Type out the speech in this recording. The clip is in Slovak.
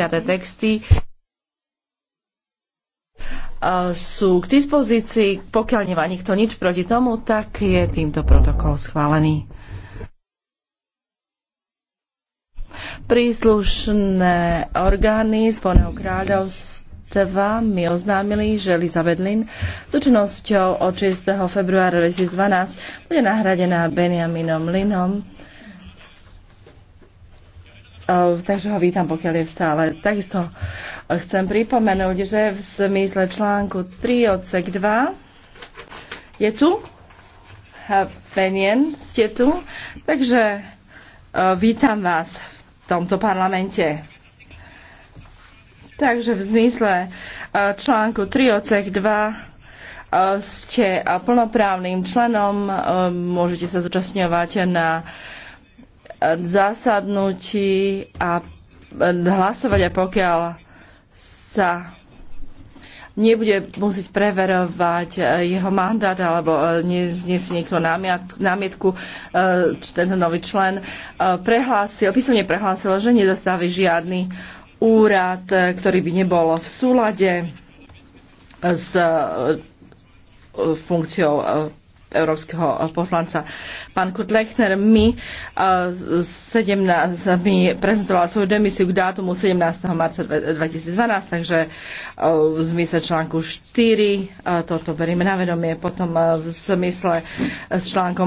prijaté texty sú k dispozícii. Pokiaľ nemá nikto nič proti tomu, tak je týmto protokol schválený. Príslušné orgány Spojeného kráľovstva mi oznámili, že Elizabeth Lynn s účinnosťou od 6. februára 2012 bude nahradená Benjaminom Linom. E, takže ho vítam, pokiaľ je v stále. Takisto chcem pripomenúť, že v zmysle článku 3 odsek 2 je tu Penien, ste tu, takže e, vítam vás v tomto parlamente. Takže v zmysle e, článku 3 odsek 2 ste plnoprávnym členom, môžete sa zúčastňovať na zásadnutí a hlasovať, a pokiaľ sa nebude musieť preverovať eh, jeho mandát alebo eh, nesie niekto námietku, eh, či tento nový člen prehlásil, písomne prehlásil, že nezastaví žiadny úrad, ktorý by nebol v súlade s funkciou európskeho poslanca. Pán Kurt Lechner mi, 17, eh, mi prezentoval svoju demisiu k dátumu 17. marca 2012, takže uh, eh, v zmysle článku 4 uh, eh, toto berieme na vedomie, potom uh, v zmysle s článkom